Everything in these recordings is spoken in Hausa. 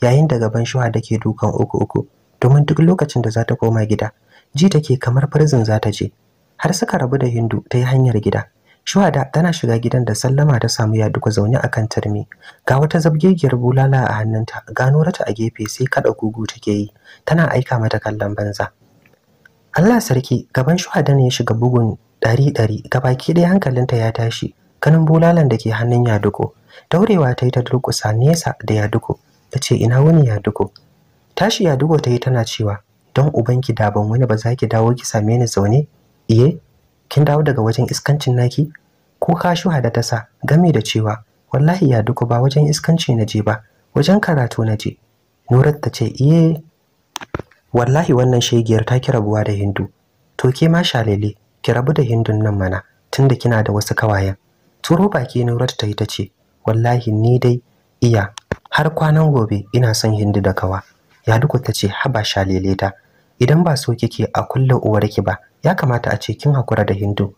yayin da gaban shuhada ke dukan uku uku domin duk lokacin da za ta koma gida ji take kamar farzin za ta je har suka rabu da hindu ta yi hanyar gida da tana shiga gidan da sallama ta samu ya duka zaune a kan tarmi ga wata zabgegiyar bulala a hannunta gano rata a gefe sai kada gugu take yi tana aika mata kallon banza Allah sarki gaban da ne ya shiga bugun ɗari ɗari gabaki ɗaya hankalinta ya tashi Ganin bulalan da ke hannun ya yaduko daurewa ta yi ta durƙusa nesa da ya yaduko ta ce ina wani yadugo tashi yadugo ta yi tana cewa don uban da ban wani ba za ki dawo ki same ni zaune iye kin dawo daga wajen iskancin naki ko ka hada ta sa game da cewa wallahi yadugo ba wajen iskanci na je ba wajen karatu na je nurat ta ce iye wallahi wannan shegiyar ta ki rabuwa da hindu to ke ma shalele ki rabu da hindun nan mana tunda kina da wasu kawayen turo baki nurat ta yi ta ce wallahi ni dai iya har kwanan gobe ina son hindu da kawa Ya yaduku ta ce haba shaleleta idan ba so kike a kulle uwarki ba ya kamata a ce kin hakura da hindu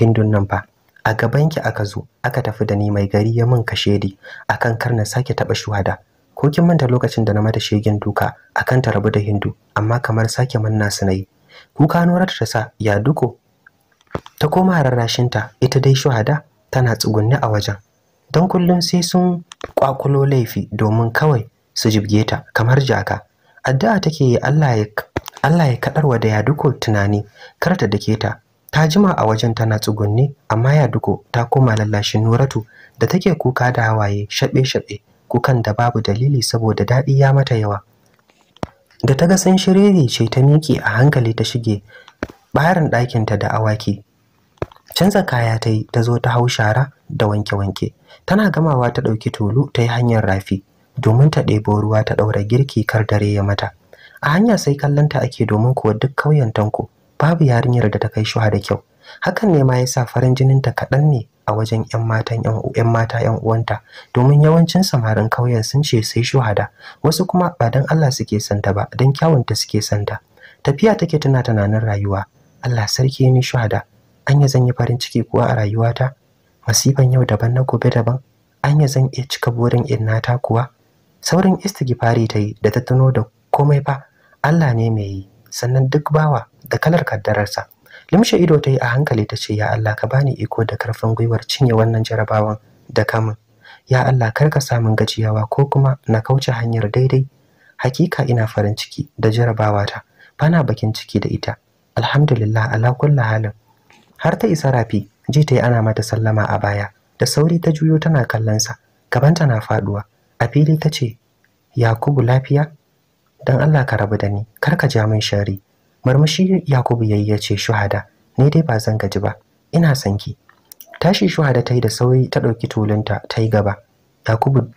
hindun nan ba. a gabanki aka zo aka tafi da ni mai gari ya min kashedi akan karna sake taba shuhada ko kin manta lokacin da na mata shegin duka akan ta rabu da hindu amma kamar sake manna su nayi kuka norata ta sa ya duko ta koma rarrashinta ita dai shuhada tana tsugunni a wajen don kullum sai sun kwakulo laifi domin kawai su jibge ta kamar jaka addu'a take yi Allah ya Allah ya kadarwa da yaduko tunani kar ta dake ta ta jima a wajen tana tsugunne amma yaduko ta koma lallashin Nuratu da take kuka da hawaye shabe shabe kukan da babu dalili saboda daɗi ya mata yawa da ta ga sun shirye ce ta miƙe a hankali ta shige barin ɗakinta da awaki canza kaya ta yi ta zo ta hau shara da wanke-wanke tana gamawa ta ɗauki tolu ta yi hanyar rafi domin ta ɗebo ruwa ta ɗaura girki kar dare ya mata a hanya sai kallonta ake domin kuwa duk kauyen tanko babu yarinyar da ta kai shuha da kyau hakan ne ma ya sa farin jinin ta kaɗan ne a wajen 'yan matan 'yan mata 'yan uwanta domin yawancin samarin kauyen sun ce sai shuhada wasu kuma ba don Allah suke santa ba don kyawunta suke santa tafiya take tana tunanin rayuwa Allah sarki ni shuhada an yi zanyi farin ciki kuwa a rayuwata masifan yau daban na gobe daban an yi zan iya cika burin innata kuwa saurin istighfari ta yi da ta tuno da komai fa Allah ne mai yi sannan duk bawa da kalar kaddararsa limshe ido ta yi a hankali ta ce ya Allah ka bani iko da karfin gwiwar cinye wannan jarabawan da kamun ya Allah kar ka samun gajiyawa ko kuma na kauce hanyar daidai hakika ina farin ciki da jarabawata bana bakin ciki da ita alhamdulillah ala kulli halin har ta isa rafi ji ta yi ana mata sallama a baya da sauri ta juyo tana kallon kallonsa gabanta na faduwa a fili ta ce yakubu lafiya don allah ka rabu da ni kar ka ja min shari marmashi yakubu yayi ya ce shuhada ni dai ba zan gaji ba ina sanki tashi shuhada ta yi da sauri ta ɗauki tulunta ta yi gaba yakubu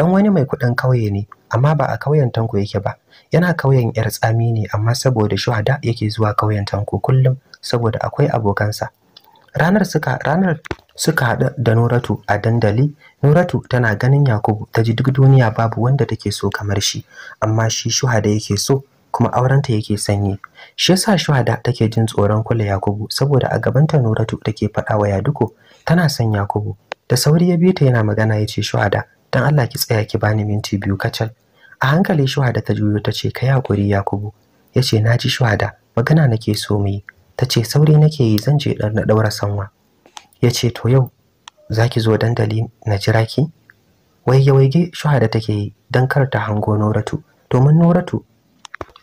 dan wani mai kuɗin kauye ne amma ba a kauyen tanko yake ba yana kauyen yar tsami ne amma saboda shuhada yake zuwa kauyen tanko kullum saboda akwai abokansa ranar suka ranar suka haɗu da Nuratu a dandali Nuratu tana ganin Yakubu ta ji duk duniya babu wanda take so kamar shi amma shi shuhada yake so kuma aurenta yake sanyi shi yasa shuhada take jin tsoron kula Yakubu saboda a gabanta Nuratu take faɗa wa Yaduko tana son Yakubu da sauri ya bita ta yana magana ya ce shuhada dan Allah ki tsaya ki bani minti biyu kacal a hankali shuhada ta juyo ta ce kai hakuri Yakubu yace ce na ji shuhada magana nake so mu yi ta ce sauri nake yi zan je na ɗaura sanwa ya ce to yau za ki zo dandali na jira ki Wai ya waige shahada take yi don kar ta hango noratu domin noratu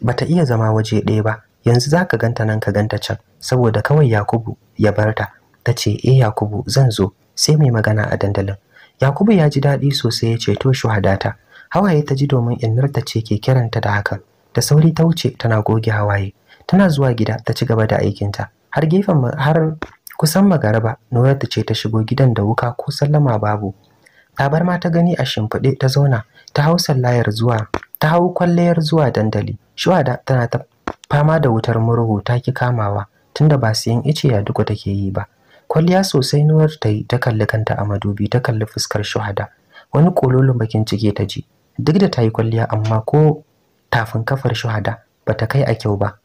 bata iya zama waje ɗaya ba yanzu za ka ganta nan ka ganta can saboda kawai yakubu ya bar ta ta ce eh yakubu zan zo sai mai magana a dandalin yakubu ya ji daɗi sosai ya ce to ta. hawaye ta ji domin innarta ce ke kiranta da haka da sauri ta wuce tana goge hawaye tana zuwa gida ta ci gaba da aikinta har gefen har kusan magaraba Noratu ce ta shigo gidan da wuka ko sallama babu ta ma ta gani a shimfiɗe ta zauna ta hau sallayar zuwa ta hau kwallayar zuwa dandali shuwada tana ta fama da wutar murhu ta ki kamawa tunda ba siyan ice ya duka take yi ba kwalliya sosai nuwar ta yi ta kalli kanta a madubi ta kalli fuskar shuhada wani kololin bakin cike ta ji duk da ta yi kwalliya amma ko tafin kafar shuhada ba ta kai a kyau ba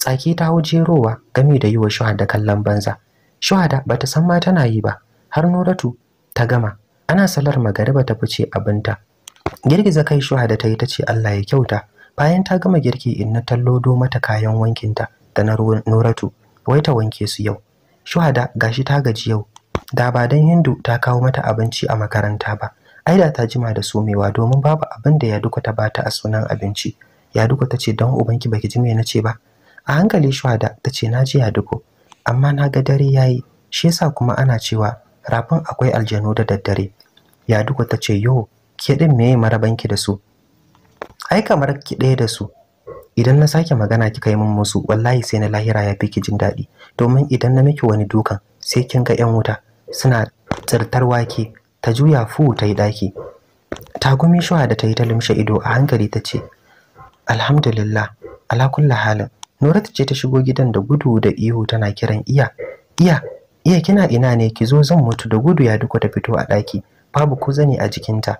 tsaki ta hau jerowa game da yi wa shuhada kallon banza shuhada bata san ma tana yi ba har Noratu ta gama ana salar magariba ta fice abinta girgiza kai shuhada ta yi ta ce allah ya kyauta bayan ta gama girki inna ta lodo mata kayan wankinta da na Noratu wai ta wanke su yau shuhada gashi ta gaji yau da ba dan hindu ta kawo mata abinci a makaranta ba ai da ta jima da somewa domin babu abin da ya duka ta bata a sunan abinci ya duka ta ce don ubanki baki ji me na ce ba a hankali shuhada ta ce na ji duku amma na ga dare ya yi, shi yasa kuma ana cewa rafin akwai aljanu da daddare ya duka ta ce yo ke din meye marabanki da su ai kamar ki ɗaya da su idan na sake magana kika yi min musu wallahi sai na lahira ya fi ki jin daɗi domin idan na miki wani dukan sai kin ga yan wuta suna tsirtar wake ta juya fu ta yi ɗaki tagumi shuwa da ta yi ta lumshe ido a hankali ta ce alhamdulillah ala kulli halin Nurat ce ta shigo gidan da gudu da ihu tana kiran iya. Iya, iya kina ina ne ki zo zan mutu da gudu ya duka ta fito a ɗaki. Babu ku zani a jikinta.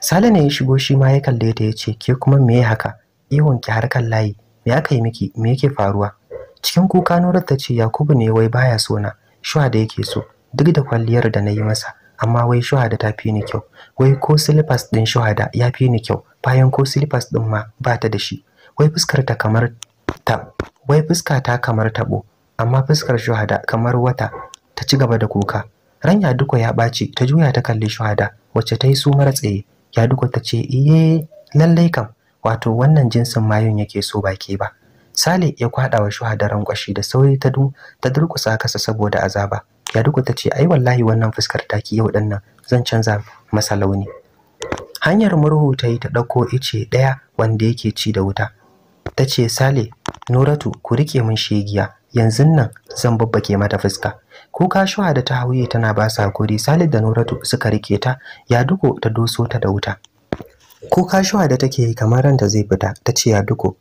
Sale ne ya shigo shi ma ya kalle ta ya ce ke kuma me haka? Ihun ki har kan layi. Me aka yi miki? Me yake faruwa? Cikin kuka Nurat ta ce Yakubu ne wai baya so na. Shuwa da yake so. Duk da kwalliyar da na yi masa. Amma wai shuhada ta fi ni kyau. Wai ko silifas ɗin shuhada ya fi ni kyau. Bayan ko silifas ɗin ma ba ta da shi. Wai fuskar ta kamar wai fuska ta kamar tabo amma fuskar shuhada kamar wata ta ci gaba da kuka ranya duka ya ɓaci ta juya ta kalli shuhada wacce ta yi su mara tsaye ya duka ta ce iye lallai kam wato wannan jinsin mayun yake so baki ba sale ya kwada wa shuhada rankwashi da sauri ta du ta durkusa kasa saboda azaba ya duka ta ce ai wallahi wannan fuskar ta ki yau dinnan zan canza masa launi hanyar murhu ta yi ta dauko ice ɗaya wanda yake ci da wuta ta ce sale nuratu ku rike min shegiya yanzu nan zan babbake mata fuska kuka shuwa da ta hauye tana ba su hakuri sale da nuratu suka rike ta ya duko ta doso ta da wuta kuka shuwa da take yi kamar ranta zai fita ta ce ya duko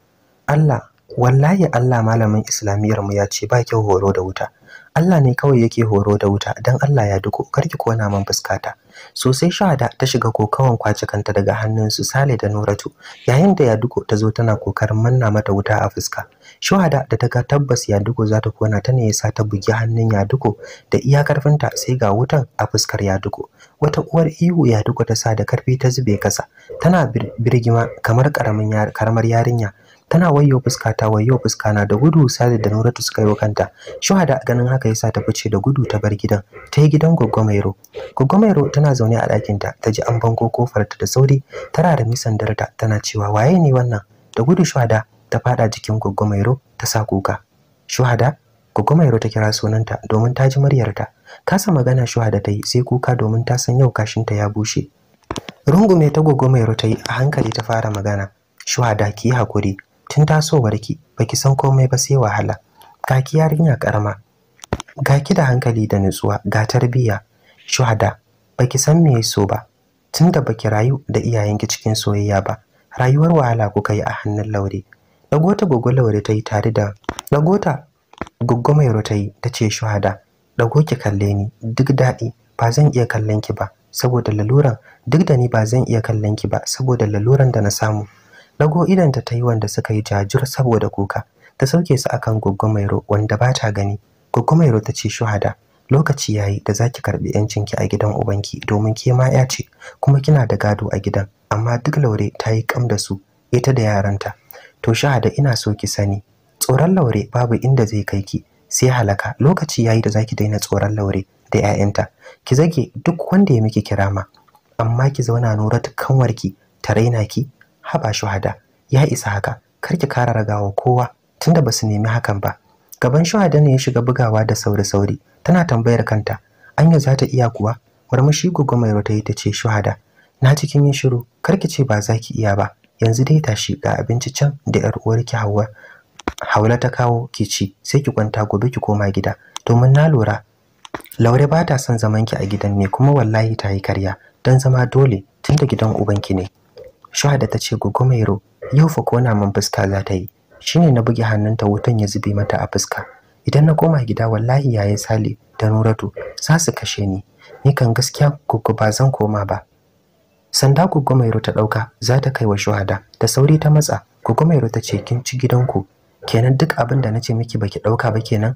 allah wallahi allah malamin islamiyyar mu ya ce ba kyau horo da wuta allah ne kawai yake horo da wuta dan allah ya duko karki kona man fuskata sosai shahada ta shiga kokawan kwace kanta daga hannunsu sale da noratu yayin da yaduko ta zo tana kokarin manna mata wuta a fuska shahada da ta ga tabbas yaduko za ta kona ta ne yasa ta bugi hannun yaduko da iya karfinta sai ga wutan a fuskar yaduko wata uwar ihu yaduko ta sa da karfi ta zube kasa tana birgima kamar karamar yarinya tana wayyo fuska ta wayyo fuska na da gudu sai da Nuratu suka yi kanta shuhada ganin haka yasa ta fice da gudu ta bar gidan ta yi gidan Goggomairo Goggomairo tana zaune a ɗakin ta ta ji an bango kofar ta da sauri tara da darta tana cewa waye ne wannan da gudu shuhada ta fada jikin Goggomairo ta sa kuka shuhada Goggomairo ta kira sunanta domin ta ji muryarta kasa magana shuhada ta yi sai kuka domin ta san yau kashin ta ya bushe rungume ta Goggomairo ta yi a hankali ta fara magana shuhada ki hakuri tun tasowarki baki san komai ba sai wahala ga ki yarinya karama ga ki da hankali da nutsuwa ga tarbiyya shuhada baki san me so ba tunda baki rayu da iyayenki cikin soyayya ba rayuwar wahala kuka yi a hannun laure dagota gogo laure ta yi tare da dagota gogo mai rotayi ta ce shuhada dago ki kalle ni duk daɗi ba zan iya kallon ki ba saboda laluran duk da ni ba zan iya kallon ki ba saboda laluran da na samu Dago idonta ta yi wanda suka yi jajir saboda kuka. Ta sauke su akan Goggo Mairo wanda ba ta gani. Goggo Mairo ta ce shuhada lokaci yayi da zaki karbi yancinki a gidan ubanki domin ke ma ya ce kuma kina da gado a gidan amma duk laure ta yi kam da su ita da yaranta. To shahada ina so ki sani tsoron laure babu inda zai kai ki sai halaka lokaci yayi da zaki daina tsoron laure da 'ya'yanta ki zage duk wanda ya miki kirama amma ki zauna nura kanwarki ta raina ki haba shuhada ya isa haka kar ki kara ragawa kowa tunda ba su nemi hakan ba gaban shuhada ne ya shiga bugawa da sauri sauri tana tambayar kanta anya za ta iya kuwa murmushi gugumairo ta yi ta ce shuhada na cikin yin shiru kar ki ce ba za ki iya ba yanzu dai tashi ga abinci can da yar uwarki Hauwa Haula ta kawo ki ci sai ki kwanta gobe ki koma gida domin na lura Laure ba ta son zaman ki a gidan ne kuma wallahi ta yi karya don zama dole tunda gidan ubanki ne Shuhada ta ce gogo Mairo yau fa kona min fuska za ta yi shine na buge hannunta wutan ya zube mata a fuska idan na koma gida wallahi yayi Sale da Nuratu za su kashe ni ni kan gaskiya gogo ba zan koma ba sanda gogo Mairo ta dauka za ta kai wa Shuhada da sauri ta matsa gogo Mairo ta ce kin ci gidanku kenan duk abin da nace miki baki dauka ba kenan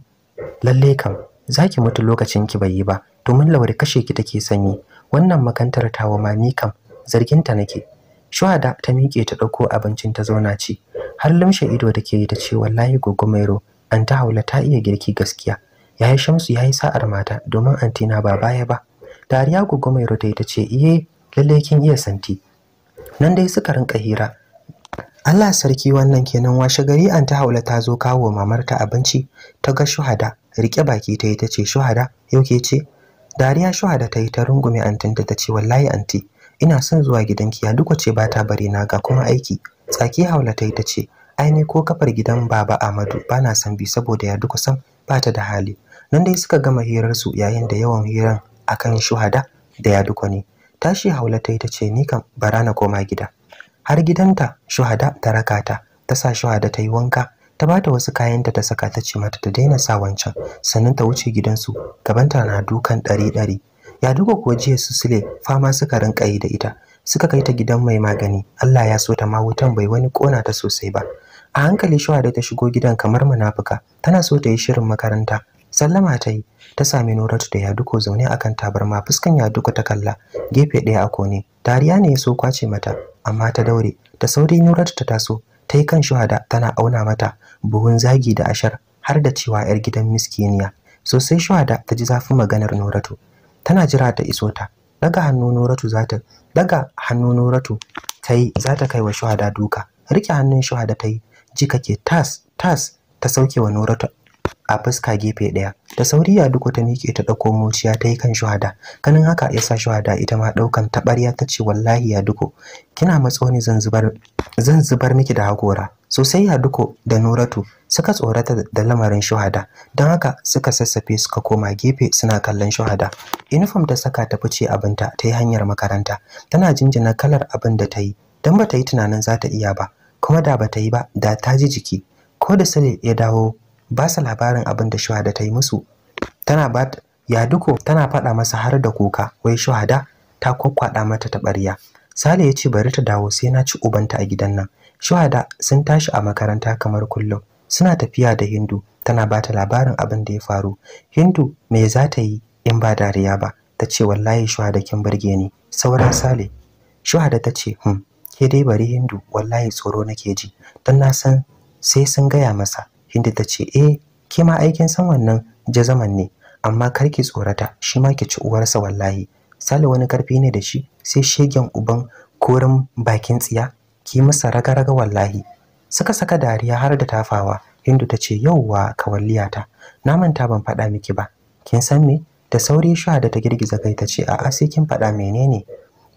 lalle kam zaki mutu lokacin ki bai yi ba domin lawar kashe ki take sanyi wannan makantar tawo ma ni kam zarginta nake Shuhada ta miƙe ta ɗauko abincin ta zauna ce, Har lumshe ido da ke yi ta ce wallahi gogo Mairo an ta haula ta iya girki gaskiya. Ya yi Shamsu ya yi sa'ar mata domin antina ba baya ba. Dariya gogo Mairo ta yi ta ce iye lalle kin iya santi. Nan dai suka rinka hira. Allah sarki wannan kenan washe gari an ta haula ta zo kawo mamarta abinci ta ga shuhada rike baki ta yi ta ce shuhada yau ke ce dariya shuhada ta yi ta rungume antinta ta ce wallahi anti ina son zuwa gidanki ya ce ba ta bari na ga kuma aiki tsaki haula ta yi ta ce ai ne ko kafar gidan baba Amadu Ba na son bi saboda ya duka san ba ta da hali nan dai suka gama hirar su yayin da yawan hirar akan shuhada da ya duka ne tashi haula ta yi ta ce ni kam bara na koma gida har gidanta shuhada ta raka ta ta sa shuhada ta yi wanka ta bata wasu kayanta ta saka ta ce mata ta daina sa wancan sannan ta wuce gidansu gabanta na dukan ɗari ɗari ya duka kuwa jiya su sule fama suka rinka yi da ita suka kai ta gidan mai magani Allah ya so ta ma wutan bai wani kona ta sosai ba a hankali da ta shigo gidan kamar munafuka tana so ta yi shirin makaranta sallama ta yi ta sami Noratu da Yaduko zaune a akan tabarma fuskan Yaduko ta kalla gefe ɗaya a kone dariya ne ya so kwace mata amma ta daure da sauri Noratu ta taso ta yi kan shuhada tana auna mata buhun zagi da ashar har da cewa yar gidan miskiniya sosai shuhada ta ji zafin maganar Noratu tana jira ta iso ta daga hannu Nuratu za ta daga hannu Nuratu ta yi za ta kai wa shuhada duka rike hannun shuhada ta yi ji tas tas ta sauke wa Nuratu a fuska gefe ɗaya da sauriya ya duka ta miƙe ta ɗauko muciya ta yi kan shuhada kanin haka ya sa shuhada ita ma ɗaukan taɓarya ta ce wallahi ya duko kina matso ne zan zubar zan zubar miki da hakora sosai ya duko da nuratu suka tsorata da lamarin shuhada don haka suka sassafe suka koma gefe suna kallon shuhada uniform ta saka ta fice abinta ta yi hanyar makaranta tana jinjina kalar abin da ta yi don ba ta yi tunanin za ta iya ba kuma da ba ta yi ba da ta ji jiki ko da sule ya dawo ba su labarin abin da shuhada ta yi musu tana ba ya duko tana faɗa masa har da kuka wai shuhada ta kwakwada mata taɓarya sale ya ce bari ta dawo sai na ci ubanta a gidan nan shuhada sun tashi a makaranta kamar kullum suna tafiya da hindu tana ba ta labarin abin da ya faru hindu me za ta yi in ba dariya ba ta ce wallahi shuhada kin burge ni sauran sale shuhada ta ce hmm ke dai bari hindu wallahi tsoro nake ji don na san sai sun gaya masa Hindu ta ce, "Eh, ke ma aikin san wannan jazaman ne, amma kar ki tsorata, shi ma ki ci uwarsa wallahi." Sale wani karfi ne da shi, sai shegen uban korin bakin tsiya, ki masa raga-raga wallahi. Suka saka dariya har da tafawa, Hindu ta ce, "Yauwa, kawalliyata, na manta ban faɗa miki ba." Kin san me? Da sauri shuwa da ta girgiza kai ta ce, "A'a, sai kin faɗa menene?"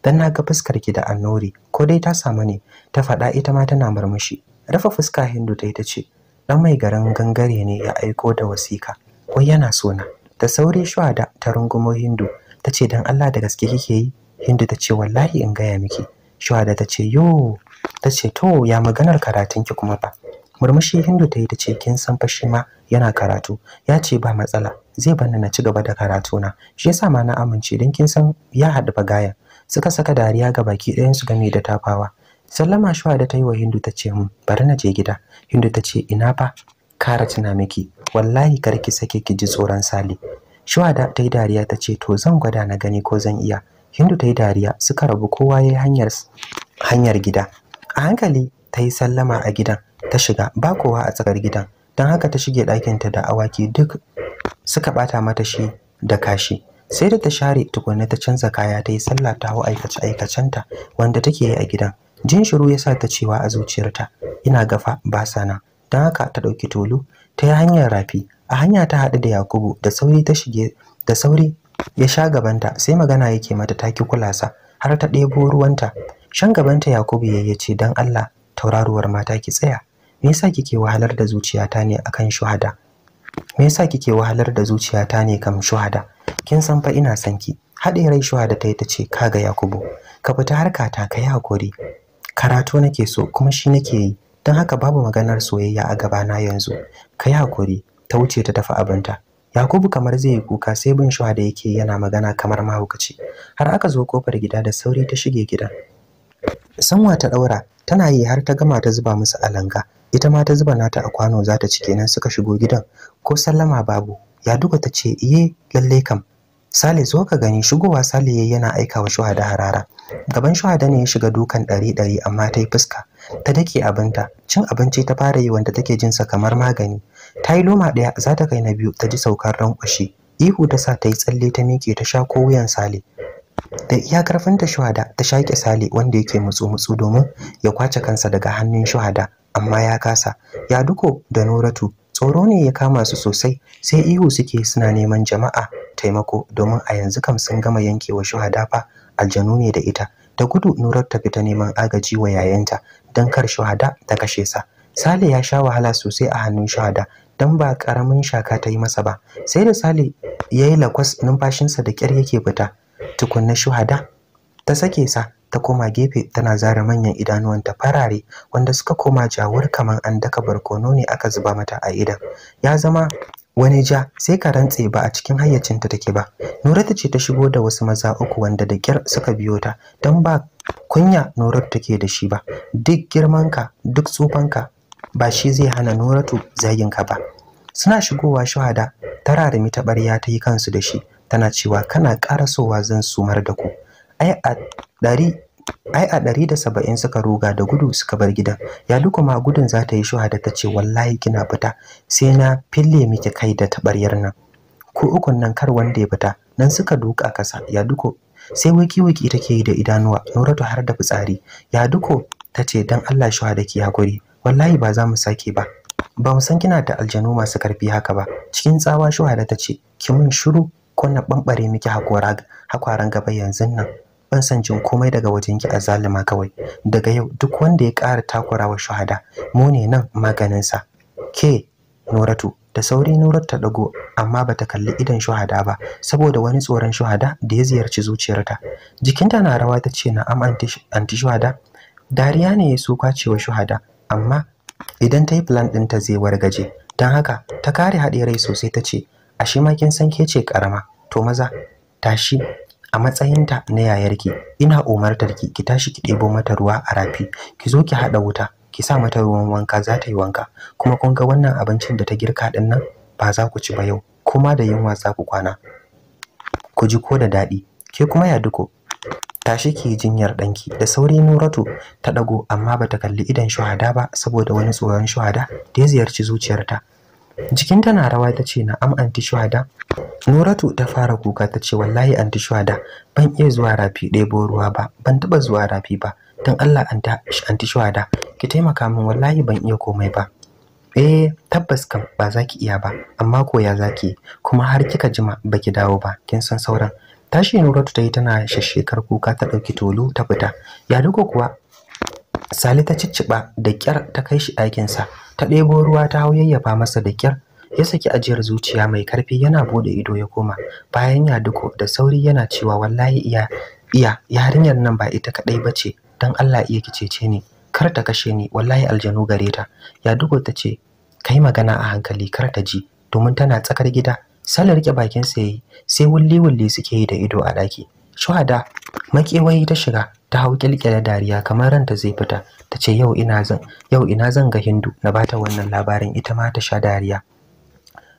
Dan na ga fuskar ki da annori, ko dai ta samu ne, ta faɗa ita ma tana murmushi. Rafa fuska Hindu ta yi ta ce, dan mai garin gangare ne ya aiko da wasika wai yana sona da sauri shuhada ta rungumo hindu ta ce dan Allah da gaske kike yi hindu ta ce wallahi in gaya miki shuhada ta ce yo ta to ya maganar karatun ki, kuma fa murmushi hindu ta yi ta ce kin san fa shi ma yana karatu ya ce ba matsala zai bani na ci gaba da karatuna shi yasa ma na amince dan kin san ya haɗu gaya suka saka dariya ga baki su game da tafawa sallama shuwa ta yi wa hindu ta ce mm, bari na je gida inda ta ce ina fa kara tuna miki wallahi kar ki sake ki ji tsoron sale shuhada ta yi dariya ta ce to zan gwada na gani ko zan iya hindu ta yi dariya suka rabu kowa ya yi hanyar gida a hankali ta yi sallama a gidan ta shiga ba kowa a tsakar gidan don haka ta shige ɗakinta da awaki duk suka ɓata mata shi da kashi sai da ta share tukunna ta canza kaya ta yi sallah ta hau aikace-aikacenta wanda take yi a gidan jin shiru ya sa ta cewa a zuciyarta ina gafa ba sana don haka ta ɗauki tulu ta yi hanyar rafi a hanya ta haɗu da yakubu da sauri ta shige da sauri ya sha gabanta sai magana yake mata taki kulasa har ta ɗebo ruwanta shan gabanta yakubu ya yi ce don allah tauraruwar mata ki tsaya me yasa kike wahalar da zuciyata ne akan shuhada me yasa kike wahalar da zuciyata ne kam shuhada kin san fa ina son ki haɗe rai shuhada ta yi ta ce kaga yakubu ka fita harka ta yi hakuri karatu nake so kuma shi nake yi don haka babu maganar soyayya a gabana yanzu ka yi hakuri ta wuce ta tafi abinta yakubu kamar zai yi kuka sai bin shuwa da yake yana magana kamar mahaukaci har aka zo kofar gida da sauri ta shige gidan sanwa ta daura tana yi har ta gama ta zuba musu alanga ita ma ta zuba nata a kwano za ta cike kenan suka shigo gidan ko sallama babu ya duka ta ce iye lallai kam Sale zo ka gani shigowa Sale yayi yana aika wa shuhada harara. Gaban shuhada ne ya shiga dukan ɗari ɗari amma ta yi fuska. Ta dake abinta, cin abinci ta fara yi wanda take jinsa kamar magani. Ta yi loma ɗaya za ta kai na biyu ta ji saukar rankwashe. Ihu ta sa ta yi tsalle ta miƙe ta sha ko wuyan Sale. Da iya karfinta shuhada ta shaƙe Sale wanda yake mutsu-mutsu domin ya kwace kansa daga hannun shuhada amma ya kasa. Ya duko da Noratu tsoro ne ya kama su sosai sai ihu suke suna neman jama'a taimako domin a yanzu kam sun gama yankewa shuhada fa aljanu ne da ita da gudu nurar ta fita neman agaji wa yayanta don kar shuhada ta kashe sa sale ya sha wahala sosai a hannun shuhada don ba karamin shaka ta yi masa ba sai da sale ya yi lakwas numfashinsa da kyar yake fita tukunna shuhada ta sake sa ta koma gefe tana zara manyan idanuwanta farare wanda suka koma jawur kamar an daka barkono ne aka zuba mata a idan ya zama wani ja sai ka rantse ba a cikin hayyacinta take ba nuratu ce ta shigo da wasu maza uku wanda da kyar suka biyo ta don ba kunya nuratu take da shi ba duk ka, duk tsufanka ba shi zai hana nuratu zaginka ba suna shigowa shuhada tararumi ta ɓarya ta yi kansu da shi tana cewa kana ƙarasowa zan sumar da ku ai a ɗari da saba'in suka ruga da gudu suka bar gida. ya duka ma gudun za ta yi shuhada ta ce wallahi kina fita sai na fille miki kai da taɓaryar nan ko ukun nan kar wanda ya fita nan suka duka kasa ya duko sai wiki wiki take yi da idanuwa nuratu har da fitsari ya duko ta ce don Allah shuhada ki hakuri wallahi ba za mu sake ba ba mu san kina da aljanu masu karfi haka ba cikin tsawa shuhada ta ce ki mun shiru ko na bambare miki hakoran gaba yanzun nan ban san jin komai daga wajenki zaluma kawai daga yau duk wanda ya ƙara wa shahada mu ne nan sa. ke Noratu da sauri nurar ta dago amma bata kalli idan shahada ba saboda wani tsoron shahada da ya ziyarci zuciyarta jikinta na rawa ta ce na na'am anti shahada dariya ne ya suka cewa shahada amma idan ta yi plan ta zai wargaje don haka ta kare haɗe rai sosai ta ce ashe ma kin san ke ce karama to maza tashi a matsayinta na yayarki ina umartar ki ki tashi ki ɗebo mata ruwa a rafi ki zo ki haɗa wuta ki sa mata ruwan wanka za ta yi wanka kuma kun ga wannan abincin da ta girka din nan ba za ku ci ba yau kuma da yunwa za ku kwana ku ji ko da daɗi ke kuma ya duko tashi ki jinyar danki da sauri Nuratu ta ɗago, amma ba ta kalli idan shuhada ba saboda wani tsoron shuhada da ya ziyarci zuciyarta jikinta na rawa ta ce na am anti shuhada nuratu ta fara kuka ta ce wallahi anti shuhada ban iya zuwa rafi ɗebo ruwa ba ban taba zuwa rafi ba don allah anti shuhada ki taimaka min wallahi ban iya komai ba eh tabbas kam ba za ki iya ba amma koya za ki kuma har kika jima ba ki dawo ba kin san sauran tashi nuratu ta yi tana shashshekar kuka ta ɗauki tolu ta fita Ya duka kuwa sali ta cicciɓa da ƙyar ta kai shi ɗakinsa ta ɗebo ruwa ta hau yayyafa masa da kyar ya saki ajiyar zuciya mai karfi yana bude ido ya koma bayan ya duko da sauri yana cewa wallahi iya iya yarinyar nan ba ita kadai bace dan Allah iya kicece ni kar ta kashe ni wallahi aljanu gare ta ya duko ta ce kai magana a hankali kar ta ji domin tana tsakar gida sallar rike bakin sa yayi sai wulli wulli suke yi da ido a daki shuhada makewayi ta shiga ta hau kilkile dariya kamar ranta zai fita ta ce yau ina zan yau ina zan ga hindu na bata wannan labarin ita ma ta sha dariya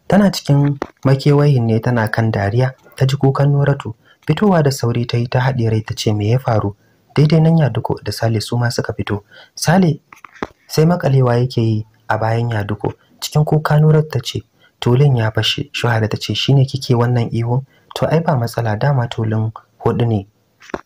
tana cikin makewayin ne tana kan dariya ta ji kukan noratu fitowa da sauri ta yi ta haɗe rai ta ce me ya faru daidai nan yaduko da sale su ma suka fito sale sai makalewa yake yi a bayan yaduko cikin kuka noratu ta ce tulin ya fashe shuhada ta ce shine kike wannan ihun to ai ba matsala dama tulin hudu ne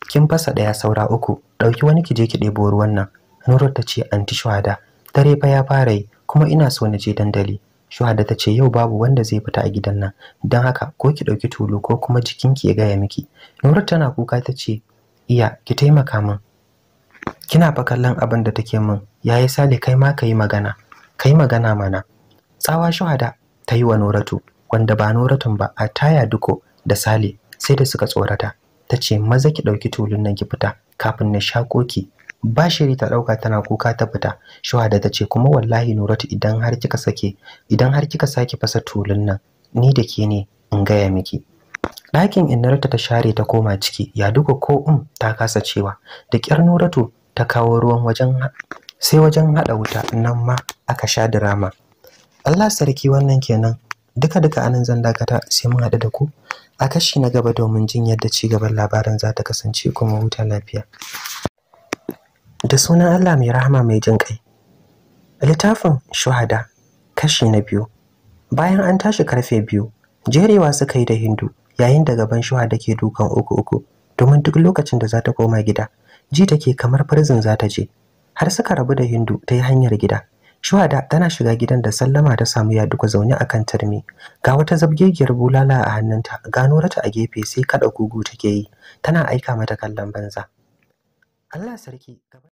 kin fasa daya saura uku dauki wani ki je ki ɗebo ruwan nan Nurul ta ce anti Shuhada dare fa ya fara yi kuma ina so na je dandali Shuhada ta ce yau babu wanda zai fita a gidan nan don haka ko ki ɗauki tulu ko kuma jikinki ya gaya miki Nurul tana kuka ta ce iya ki taimaka min kina fa kallon abin da take min yayi sale kai ma kai magana kai magana mana tsawa Shuhada ta yi wa Nuratu wanda ba Nuratun ba a taya duko da sale sai da suka tsorata ta ce maza ki ɗauki tulun nan ki fita kafin na shakoki ba shiri ta dauka tana kuka ta fita shuhada ta ce kuma wallahi nuratu idan har kika sake idan har kika sake fasa tulun nan ni da ke ne in gaya miki ɗakin innarta ta share ta koma ciki ya duka ko um ta kasa cewa da ƙyar nuratu ta kawo ruwan wajen sai wajen haɗa wuta nan ma aka sha dirama Allah sarki wannan kenan duka duka anan zan dakata sai mun haɗu da ku a kashi na gaba domin jin yadda ci gaban labarin za ta kasance kuma huta lafiya da sunan Allah mai rahama mai jin kai littafin shuhada kashi na biyu bayan an tashi karfe biyu jerewa suka yi da hindu yayin da gaban shuhada ke dukan uku uku domin duk lokacin da za ta koma gida ji take kamar farzin za ta je har suka rabu da hindu ta yi hanyar gida shuhada tana shiga gidan da sallama ta samu duka zaune a kan tarmi ga wata zabgegiyar bulala a hannunta gano rata a gefe sai kada gugu take yi tana aika mata kallon banza Allah sarki!